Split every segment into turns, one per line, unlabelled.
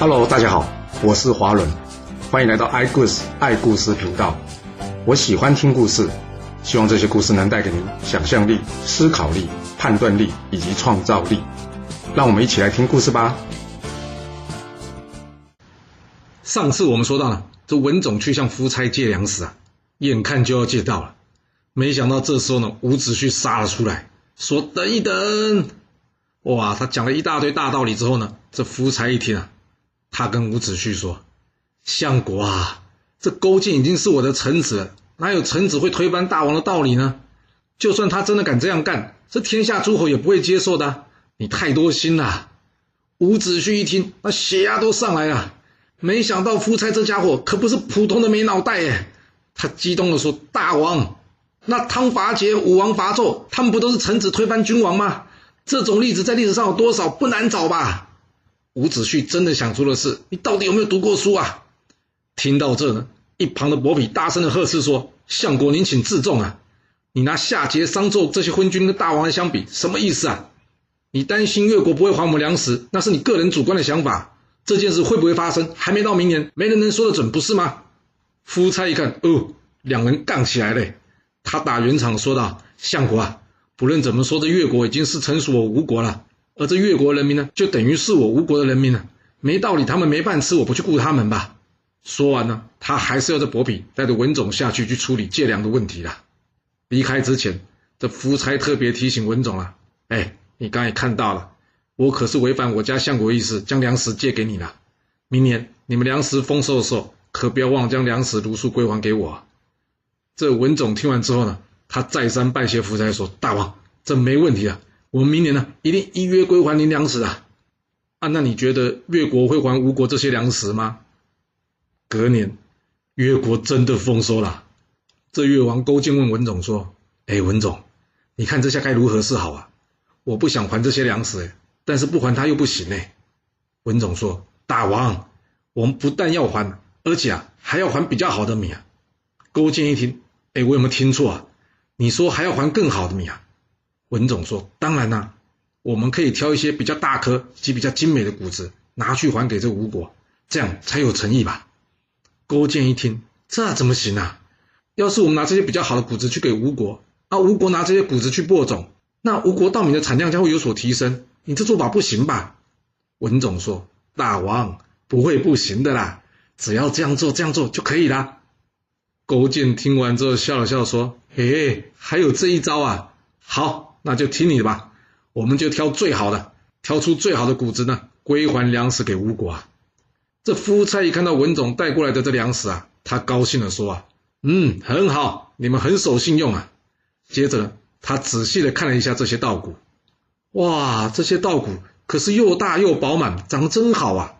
Hello，大家好，我是華倫，歡迎來到 iGoose 愛故事頻道。我喜歡聽故事，希望這些故事能帶給您想象力、思考力、判斷力以及創造力。讓我們一起來聽故事吧。上次我們說到呢，這文種去向夫差借糧食啊，眼看就要借到了，沒想到這時候呢，伍子胥殺了出來，說等一等。哇，他講了一大堆大道理之後呢，這夫差一聽啊。他跟伍子胥說：“相國啊，這勾踐已經是我的臣子了，哪有臣子會推翻大王的道理呢？就算他真的敢這樣幹，這天下諸侯也不會接受的啊。你太多心了啊。”伍子胥一聽，那血壓都上來了。沒想到夫差這家伙可不是普通的沒腦袋耶！他激動地說：“大王，那湯伐桀，武王伐紂，他們不都是臣子推翻君王嗎？這種例子在歷史上有多少？不難找吧？”伍子胥真的想出了事，你到底有沒有讀過書啊？聽到這呢，一旁的伯嚭大聲的呵斥說：“相國，您請自重啊！你拿夏桀、商紂這些昏君跟大王的相比，什麼意思啊？你擔心越國不會還我們糧食，那是你個人主觀的想法。這件事會不會發生，還沒到明年，沒人能說得準，不是嗎？”夫差一看，哦，兩人槓起來了，他打圓場說道：“相國啊，不論怎麼說，這越國已經是臣屬我吳國了。”而這越國人民呢，就等於是我吳國的人民了、啊，沒道理，他們沒飯吃，我不去顧他們吧？說完呢，他還是要這伯嚭帶着文種下去去處理借糧的問題了。離開之前，這夫差特別提醒文種啊，哎，你剛才看到了，我可是違反我家相國意思，將糧食借給你了。明年你們糧食豐收的時候，可不要忘將糧食如數歸還給我、啊。”這文種聽完之後呢，他再三拜謝夫差說：“大王，這沒問題啊。”我們明年呢、啊，一定依約歸還您糧食啊！啊，那你覺得越國會還吳國這些糧食嗎？隔年，越國真的豐收了。這越王勾踐問文種說：“哎，文種，你看這下該如何是好啊？我不想還這些糧食，哎，但是不還他又不行呢。”文種說：“大王，我們不但要還，而且啊，還要還比較好的米啊。”勾踐一聽：“哎，我有沒有聽錯啊？你說還要還更好的米啊？”文種說：“當然啦、啊，我們可以挑一些比較大顆以及比較精美的穀子拿去還給這吳國，這樣才有誠意吧。”勾踐一聽：“這怎麼行啊？要是我們拿這些比較好的穀子去給吳國，那、啊、吳國拿這些穀子去播種，那吳國稻米的產量將會有所提升。你這做法不行吧？”文種說：“大王不會不行的啦，只要這樣做，這樣做就可以啦。”勾踐聽完之後笑了笑了說：“嘿，嘿，還有這一招啊，好。”那就聽你的吧，我們就挑最好的，挑出最好的穀子呢，歸還糧食給吳國啊。這夫差一看到文種帶過來的這糧食啊，他高興的說啊：“嗯，很好，你們很守信用啊。”接着呢，他仔細的看了一下這些稻穀，哇，這些稻穀可是又大又飽滿，長得真好啊。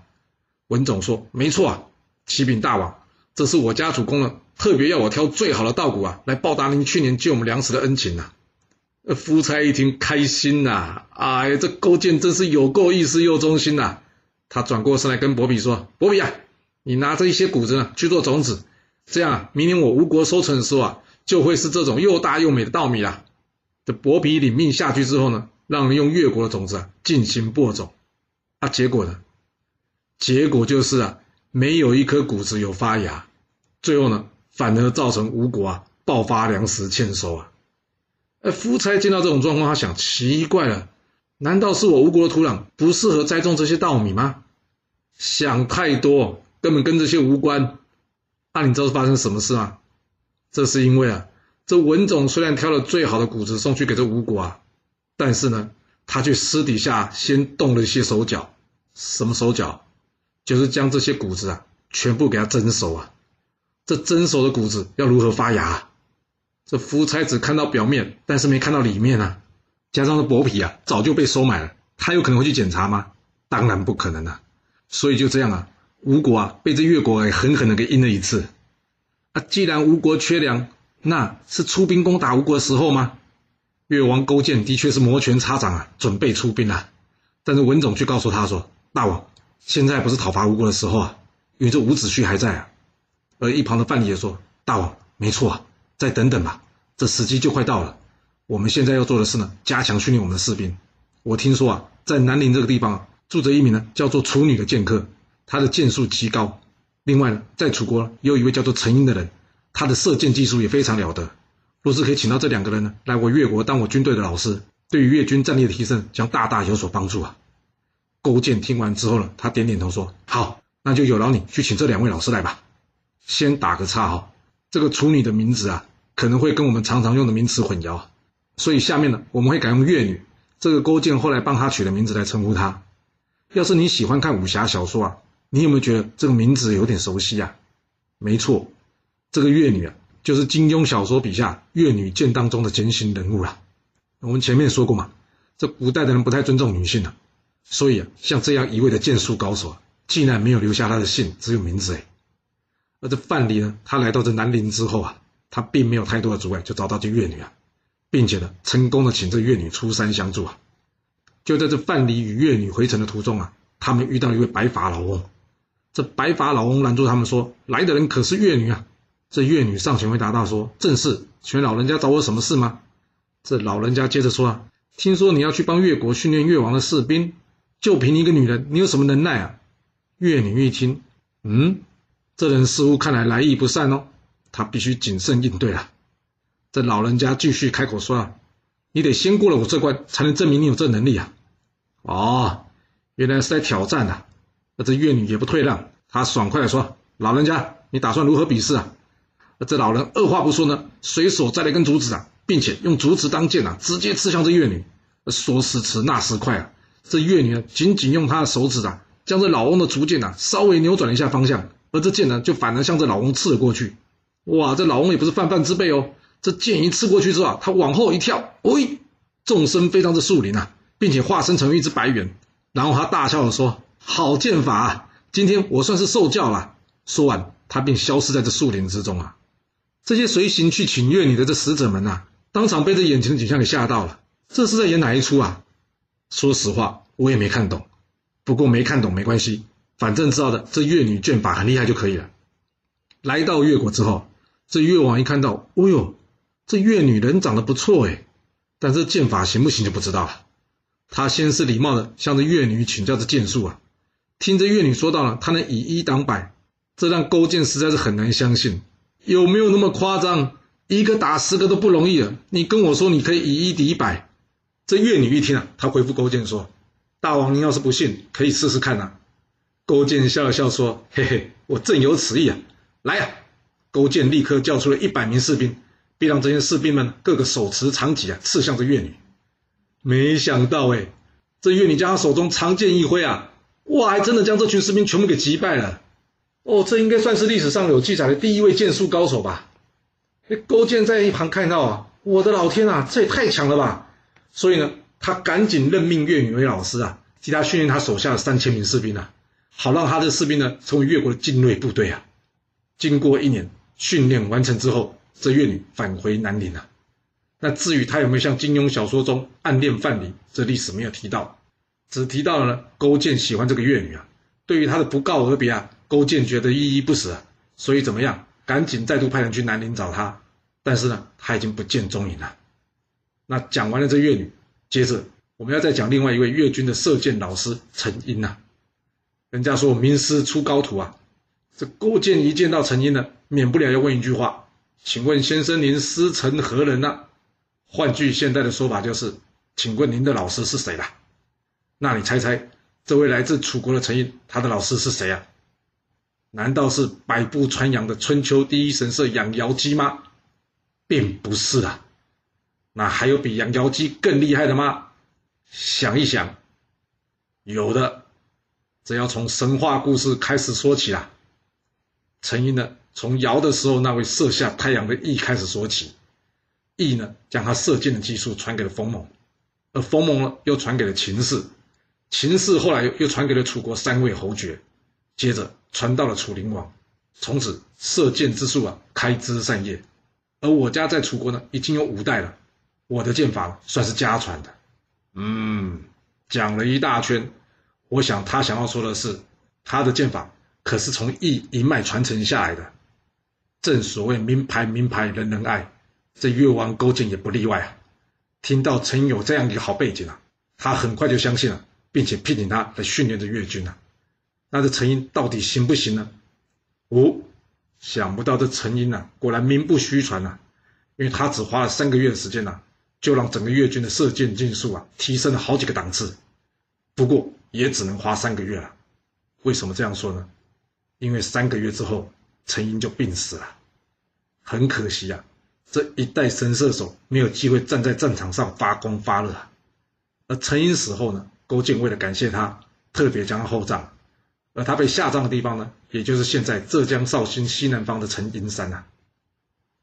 文種說：“沒錯啊，啟稟大王，這是我家主公呢特別要我挑最好的稻穀啊，來報答您去年借我們糧食的恩情啊。夫差一聽，開心吶、啊！哎，這勾踐真是有夠意思又忠心吶、啊！他轉過身來跟伯嚭說：“伯嚭啊，你拿着一些谷子呢去做種子，這樣、啊、明年我吳國收成的時候啊，就會是這種又大又美的稻米啊。這伯嚭領命下去之後呢，讓人用越國的種子啊進行播種。啊，結果呢？結果就是啊，沒有一顆谷子有發芽，最後呢，反而造成吳國啊爆發糧食欠收啊！哎，夫差見到這種狀況，他想：奇怪了，難道是我吳國的土壤不適合栽種這些稻米嗎？想太多，根本跟這些無關。那、啊、你知道發生什麼事嗎？這是因為啊，這文種雖然挑了最好的谷子送去給這吳國啊，但是呢，他卻私底下先動了一些手腳。什麼手腳？就是將這些谷子啊，全部給它蒸熟啊。這蒸熟的谷子要如何發芽啊？這夫差只看到表面，但是沒看到裡面啊。加上這伯嚭啊，早就被收買了。他有可能會去檢查嗎？當然不可能了啊。所以就這樣啊，吳國啊被這越國狠狠的給陰了一次。啊，既然吳國缺糧，那是出兵攻打吳國的時候嗎？越王勾踐的確是摩拳擦掌啊，準備出兵啊。但是文種卻告訴他說：“大王，現在不是討伐吳國的時候啊，因為這伍子胥還在啊。”而一旁的范蠡也說：“大王，沒錯啊。”再等等吧，這時機就快到了。我們現在要做的是呢，加強訓練我們的士兵。我聽說啊，在南寧這個地方住着一名呢叫做處女的劍客，他的劍術極高。另外呢，在楚國有一位叫做陳音的人，他的射箭技術也非常了得。若是可以請到這兩個人呢，來我越國當我軍隊的老師，對於越軍戰力的提升將大大有所幫助啊。勾踐聽完之後呢，他點點頭說：“好，那就有勞你去請這兩位老師來吧。”先打個岔哈、哦，這個處女的名字啊。可能會跟我們常常用的名詞混淆啊，所以下面呢，我們會改用“越女”這個勾踐後來幫她取的名字來稱呼她。要是你喜歡看武俠小說啊，你有沒有覺得這個名字有點熟悉啊？沒錯，這個“越女”啊，就是金庸小說筆下《越女劍》當中的典型人物了啊。我們前面說過嘛，這古代的人不太尊重女性的啊，所以啊，像這樣一位的劍術高手啊，竟然沒有留下他的姓，只有名字哎。而這范蠡呢，他來到這南陵之後啊。他並沒有太多的阻礙，就找到這越女啊，並且呢，成功的請這越女出山相助啊。就在這范蠡與越女回城的途中啊，他們遇到一位白髮老翁，這白髮老翁攔住他們說：“來的人可是越女啊？”這越女上前回答道說：“正是，請老人家找我什麼事嗎？”這老人家接着說啊：“聽說你要去幫越國訓練越王的士兵，就憑一個女人，你有什麼能耐啊？”越女一聽，嗯，這人似乎看來來意不善哦。他必須謹慎應對了。這老人家繼續開口說：“啊，你得先過了我這關，才能證明你有這能力啊！”哦，原來是在挑戰啊！那這越女也不退讓，她爽快地說：“老人家，你打算如何比試啊？”這老人二話不說呢，隨手摘了一根竹子啊，並且用竹子當劍啊，直接刺向這越女。說時遲，那時快啊！這越女呢，僅僅用她的手指啊，將這老翁的竹劍啊稍微扭轉了一下方向，而這劍呢，就反而向這老翁刺了過去。哇，這老翁也不是泛泛之輩哦！這劍一刺過去之後，啊，他往後一跳，喂、哎，縱身飛到這樹林啊，並且化身成一隻白猿，然後他大笑着說：“好劍法，啊，今天我算是受教了。”說完，他便消失在這樹林之中啊。這些隨行去請越女的這使者們吶、啊，當場被這眼前的景象給嚇到了，這是在演哪一出啊？說實話，我也沒看懂。不過沒看懂沒關係，反正知道的這越女劍法很厲害就可以了。來到越國之後。這越王一看到，哦、哎、呦，這越女人長得不錯誒，但這劍法行不行就不知道了。他先是禮貌的向這越女請教這劍術啊，聽着越女說到了，他能以一擋百，這讓勾踐實在是很難相信，有沒有那麼誇張？一個打十個都不容易了，你跟我說你可以以一敵百，這越女一聽啊，他回復勾踐說：“大王您要是不信，可以試試看啊。”勾踐笑了笑說：“嘿嘿，我正有此意啊，來呀、啊。”勾踐立刻叫出了一百名士兵，並讓這些士兵們各個手持長戟啊，刺向着越女。沒想到誒，這越女將她手中長劍一揮啊，哇，還真的將這群士兵全部給擊敗了。哦，這應該算是歷史上有記載的第一位劍術高手吧？哎，勾踐在一旁看到啊，我的老天啊，這也太強了吧！所以呢，他趕緊任命越女為老師啊，替他訓練他手下的三千名士兵啊，好讓他的士兵呢成為越國的精銳部隊啊。經過一年。訓練完成之後，這越女返回南陵了啊。那至於她有沒有像金庸小說中暗戀范蠡，這歷史沒有提到，只提到了呢，勾踐喜歡這個越女啊。對於他的不告而別啊，勾踐覺得依依不捨啊，所以怎麼樣，趕緊再度派人去南陵找他。但是呢，他已經不見蹤影了。那講完了這越女，接着我們要再講另外一位越軍的射箭老師陳音啊，人家說名師出高徒啊。這勾踐一見到陳音了，免不了要問一句話：“請問先生，您師承何人呢、啊？”換句現代的說法，就是：“請問您的老師是誰啦、啊？”那你猜猜，這位來自楚國的陳音，他的老師是誰啊？難道是百步穿楊的春秋第一神射養由基嗎？並不是啊。那還有比養由基更厲害的嗎？想一想，有的。這要從神話故事開始說起啦、啊。陳音呢，從堯的時候那位射下太陽的羿開始說起，羿呢將他射箭的技術傳給了逢蒙，而逢蒙呢又傳給了琴氏，琴氏後來又傳給了楚國三位侯爵，接着傳到了楚靈王，從此射箭之術啊開枝散葉。而我家在楚國呢已經有五代了，我的箭法算是家傳的。嗯，講了一大圈，我想他想要說的是他的箭法，可是從羿一脈傳承下來的，正所謂名牌名牌，人人愛，這越王勾踐也不例外啊。聽到陳英有這樣一個好背景啊，他很快就相信了，並且聘請他來訓練這越軍啊。那這陳英到底行不行呢？五、哦、想不到這陳英啊，果然名不虛傳吶、啊，因為他只花了三個月的時間啊，就讓整個越軍的射箭技術啊，提升了好幾個檔次。不過也只能花三個月了、啊，為什麼這樣說呢？因為三個月之後，陳音就病死了，很可惜啊，這一代神射手沒有機會站在戰場上發光發熱。而陳音死後呢，勾踐為了感謝他，特別將他厚葬。而他被下葬的地方呢，也就是現在浙江紹興西南方的陳音山啊。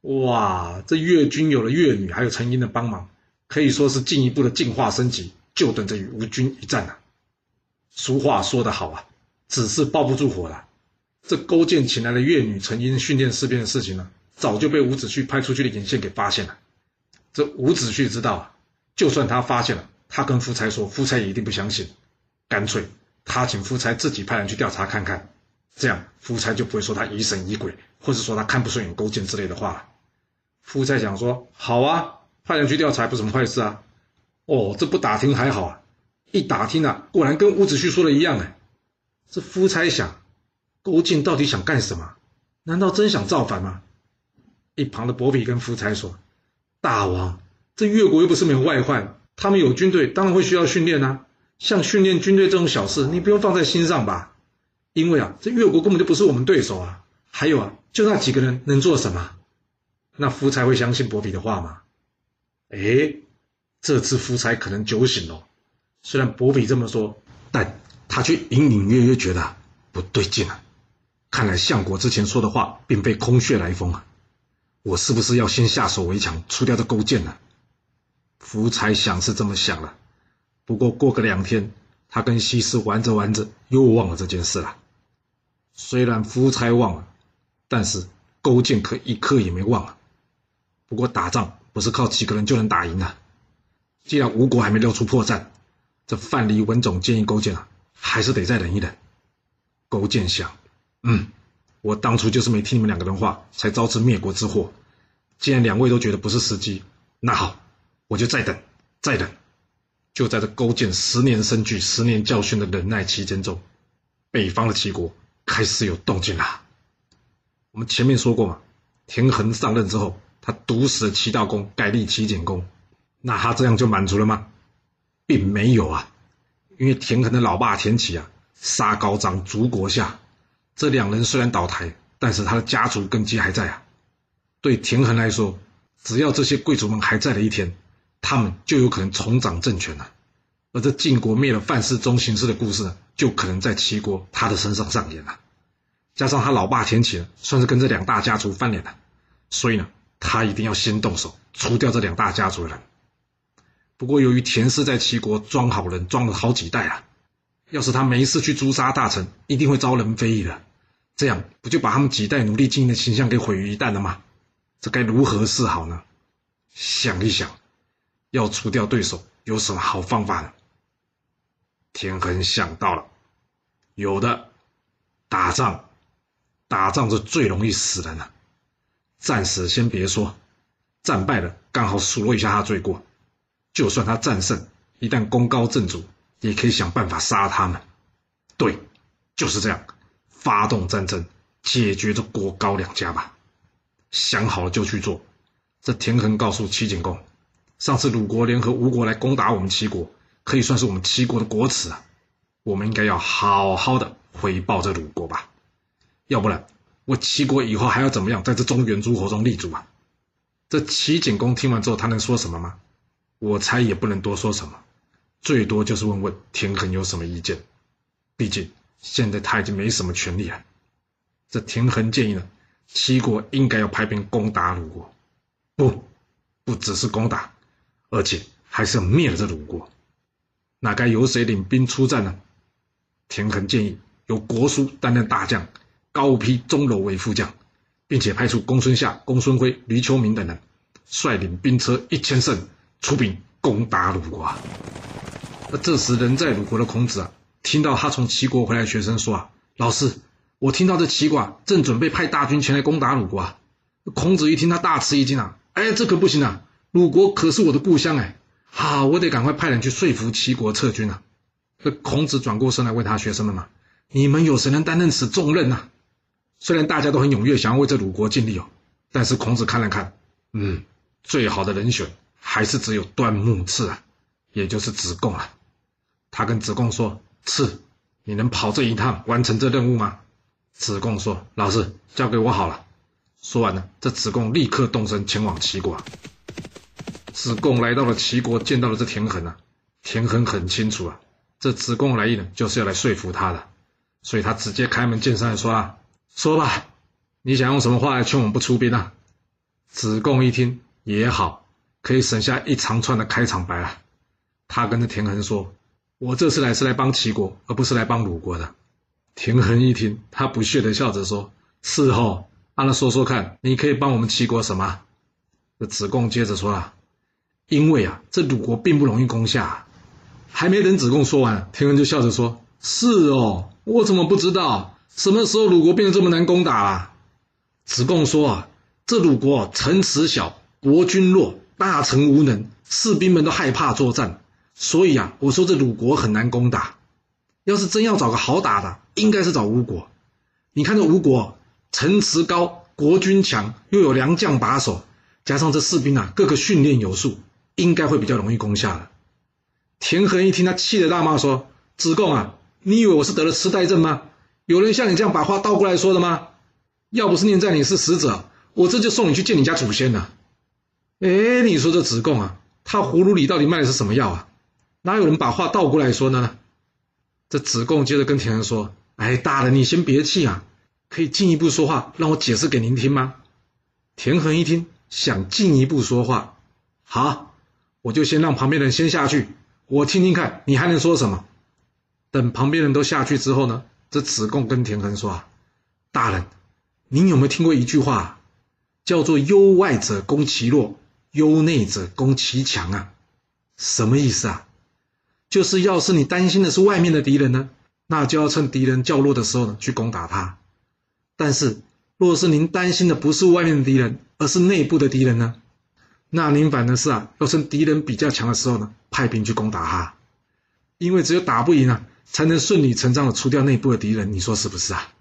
哇，這越軍有了越女，還有陳音的幫忙，可以說是進一步的進化升級，就等着與吳軍一戰了啊。俗話說得好啊，紙是包不住火的。這勾踐請來的越女陳音訓練士兵的事情呢，早就被伍子胥派出去的眼線給發現了。這伍子胥知道啊，就算他發現了，他跟夫差說，夫差也一定不相信。乾脆他請夫差自己派人去調查看看，這樣夫差就不會說他疑神疑鬼，或者說他看不順眼勾踐之類的話。夫差想說好啊，派人去調查還不是什麼壞事啊。哦，這不打聽還好啊，一打聽啊，果然跟伍子胥說的一樣哎、欸。這夫差想。勾踐到底想幹什麼？難道真想造反嗎？一旁的伯嚭跟夫差說：“大王，這越國又不是沒有外患，他們有軍隊，當然會需要訓練啊。像訓練軍隊這種小事，你不用放在心上吧。因為啊，這越國根本就不是我們對手啊。還有啊，就那幾個人能做什麼？那夫差會相信伯嚭的話嗎？誒，這次夫差可能酒醒了。雖然伯嚭這麼說，但他卻隱隱約約覺得不對勁啊。”看來相國之前說的話並非空穴來風啊！我是不是要先下手為強，除掉這勾踐呢、啊？夫差想是這麼想了。不過過個兩天，他跟西施玩着玩着又忘了這件事了。雖然夫差忘了，但是勾踐可一刻也沒忘啊。不過打仗不是靠幾個人就能打贏的、啊。既然吳國還沒露出破綻，這范蠡、文種建議勾踐啊，還是得再忍一忍。勾踐想。嗯，我當初就是沒聽你們兩個人話，才招致滅國之禍。既然兩位都覺得不是時機，那好，我就再等，再等。就在這勾踐十年生聚、十年教訓的忍耐期間中，北方的齊國開始有動靜了啊。我們前面說過嘛，田恆上任之後，他毒死了齊悼公，改立齊簡公。那他這樣就滿足了嗎？並沒有啊，因為田恆的老爸田乞啊，殺高張，逐國夏。這兩人雖然倒台，但是他的家族根基還在啊。對田恆來說，只要這些貴族們還在的一天，他們就有可能重掌政權了。而這晉國滅了范氏、中行氏的故事呢，就可能在齊國他的身上上演了。加上他老爸田乞算是跟這兩大家族翻臉了，所以呢，他一定要先動手除掉這兩大家族的人。不過，由於田氏在齊國裝好人裝了好幾代啊。要是他沒事去誅殺大臣，一定會遭人非議的。這樣不就把他們幾代努力經營的形象給毀於一旦了嗎？這該如何是好呢？想一想，要除掉對手，有什麼好方法呢？田恆想到了，有的，打仗，打仗是最容易死人的。戰死先別說，戰敗了，剛好數落一下他罪過；就算他戰勝，一旦功高震主。也可以想辦法殺他們，對，就是這樣，發動戰爭，解決這國高兩家吧。想好了就去做。這田恆告訴齊景公，上次魯國聯合吳國來攻打我們齊國，可以算是我們齊國的國恥啊。我們應該要好好的回報這魯國吧，要不然我齊國以後還要怎麼樣在這中原諸侯中立足啊？這齊景公聽完之後，他能說什麼嗎？我猜也不能多說什麼。最多就是問問田恆有什麼意見。畢竟現在他已經沒什麼權力了。這田恆建議呢，齊國應該要派兵攻打魯國。不，不只是攻打，而且還是要滅了這魯國。那該由誰領兵出戰呢？田恆建議由國書擔任大將，高批鐘樓為副將，並且派出公孫夏、公孫輝、閭丘明等人率領兵車一千乘出兵攻打魯國。這時，人在魯國的孔子啊，聽到他從齊國回來的學生說啊：“老師，我聽到這齊國啊，正準備派大軍前來攻打魯國啊！”孔子一聽，他大吃一驚啊！哎，這可不行啊！魯國可是我的故鄉哎，好、啊，我得趕快派人去說服齊國撤軍啊。這孔子轉過身來問他學生們嘛、啊：“你們有誰能擔任此重任啊？”雖然大家都很踴躍，想要為這魯國盡力哦，但是孔子看了看，嗯，最好的人選還是只有端木賜啊，也就是子貢啊。他跟子貢說：“賜，你能跑這一趟，完成這任務嗎？”子貢說：“老師，交給我好了。”說完了，這子貢立刻動身前往齊國。子貢來到了齊國，見到了這田恆啊。田恆很清楚啊，這子貢來意呢，就是要來說服他的，所以他直接開門見山的說：“啊，說吧，你想用什麼話來勸我們不出兵啊？”子貢一聽，也好，可以省下一長串的開場白啊。他跟這田恆說。我這次來是來幫齊國，而不是來幫魯國的。田恆一聽，他不屑地笑着說：“是哦，啊，那說說看，你可以幫我們齊國什麼？”子貢接着說了：“因為啊，這魯國並不容易攻下。”還沒等子貢說完，田恆就笑着說：“是哦，我怎麼不知道什麼時候魯國變得這麼難攻打了啊？”子貢說：“啊，這魯國城池小，國君弱，大臣無能，士兵們都害怕作戰。”所以啊，我說這魯國很難攻打。要是真要找個好打的，應該是找吳國。你看這吳國，城池高，國軍強，又有良將把守，加上這士兵啊，各個訓練有素，應該會比較容易攻下的。田恆一聽，他氣得大罵說：“子貢啊，你以為我是得了痴呆症嗎？有人像你這樣把話倒過來說的嗎？要不是念在你是使者，我這就送你去見你家祖先了啊。”哎，你說這子貢啊，他葫蘆裡到底賣的是什麼藥啊？哪有人把話倒過來說呢？這子貢接着跟田恆說：“哎，大人，你先別氣啊，可以進一步說話，讓我解釋給您聽嗎？”田恆一聽，想進一步說話，好，我就先讓旁邊人先下去，我聽聽看你還能說什麼。等旁邊人都下去之後呢，這子貢跟田恆說：“啊，大人，您有沒有聽過一句話，叫做‘憂外者攻其弱，憂內者攻其強’啊？什麼意思啊？”就是，要是你擔心的是外面的敵人呢，那就要趁敵人較弱的時候呢去攻打他。但是，若是您擔心的不是外面的敵人，而是內部的敵人呢，那您反而是啊，要趁敵人比較強的時候呢派兵去攻打他。因為只有打不贏啊，才能順理成章的除掉內部的敵人。你說是不是啊，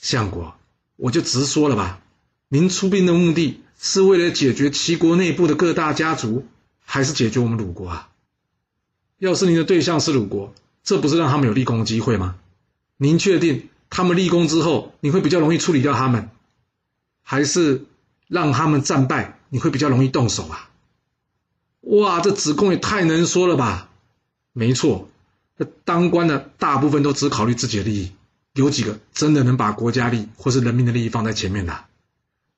相國？我就直說了吧，您出兵的目的是為了解決齊國內部的各大家族，還是解決我們魯國啊？要是您的對象是魯國，這不是讓他們有立功的機會嗎？您確定他們立功之後，你會比較容易處理掉他們，還是讓他們戰敗，你會比較容易動手啊？哇，這子貢也太能說了吧？沒錯，這當官的大部分都只考慮自己的利益，有幾個真的能把國家利益或是人民的利益放在前面的？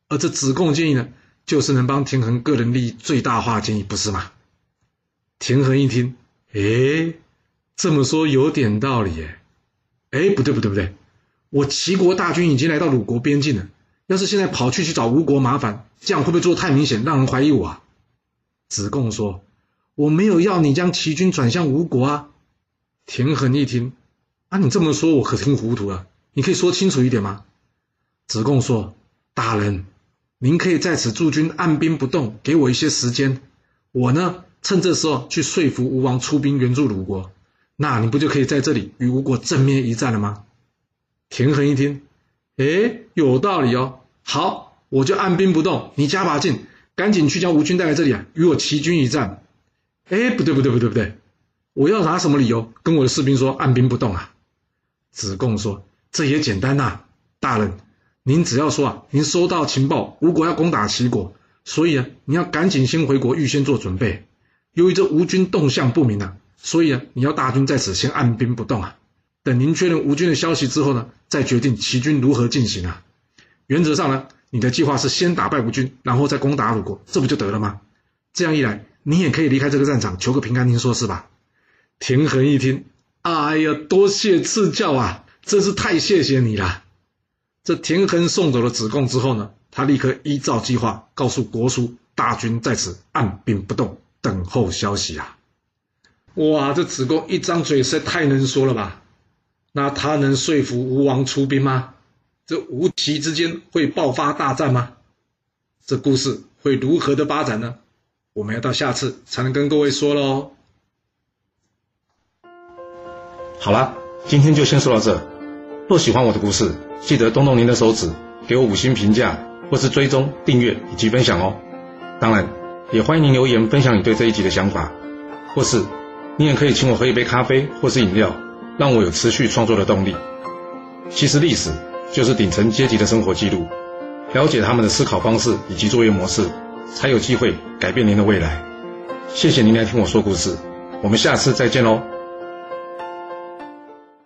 而這子貢建議呢，就是能幫田恆個人利益最大化建議，不是嗎？田恆一聽。哎，這麼說有點道理耶，誒、哎，不對不對不對，我齊國大軍已經來到魯國邊境了，要是現在跑去去找吳國麻煩，這樣會不會做太明顯，讓人懷疑我啊？子貢說：“我沒有要你將齊軍轉向吳國啊。”田恆一聽，啊，你這麼說，我可聽糊塗了，啊，你可以說清楚一點嗎？子貢說：“大人，您可以在此駐軍按兵不動，給我一些時間，我呢？”趁這時候去說服吳王出兵援助魯國，那你不就可以在這裡與吳國正面一戰了嗎？田恆一聽，哎，有道理哦。好，我就按兵不動，你加把勁，趕緊去將吳軍帶來這裡啊，與我齊軍一戰。哎，不對不對不對不對，我要拿什麼理由跟我的士兵說按兵不動啊？子貢說：“這也簡單吶，大人，您只要說啊，您收到情報，吳國要攻打齊國，所以啊，你要趕緊先回國，預先做準備。”由於這吳軍動向不明啊，所以啊，你要大軍在此先按兵不動啊，等您確認吳軍的消息之後呢，再決定齊軍如何進行啊。原則上呢，你的計劃是先打敗吳軍，然後再攻打魯國，這不就得了嗎？這樣一來，你也可以離開這個戰場，求個平安。您說是吧？田恆一聽，哎呀，多謝賜教啊，真是太謝謝你了。這田恆送走了子貢之後呢，他立刻依照計劃告訴國書，大軍在此按兵不動。等候消息啊！哇，這子貢一張嘴實在太能說了吧？那他能說服吳王出兵嗎？這吳齊之間會爆發大戰嗎？這故事會如何的發展呢？我們要到下次才能跟各位說嘍。好了，今天就先說到這。若喜歡我的故事，記得動動您的手指，給我五星評價，或是追蹤、訂閱以及分享哦。當然。也歡迎您留言分享你對這一集的想法，或是你也可以請我喝一杯咖啡或是飲料，讓我有持續創作的動力。其實歷史就是頂層階級的生活記錄，了解他們的思考方式以及作業模式，才有機會改變您的未來。謝謝您來聽我說故事，我們下次再見嘍。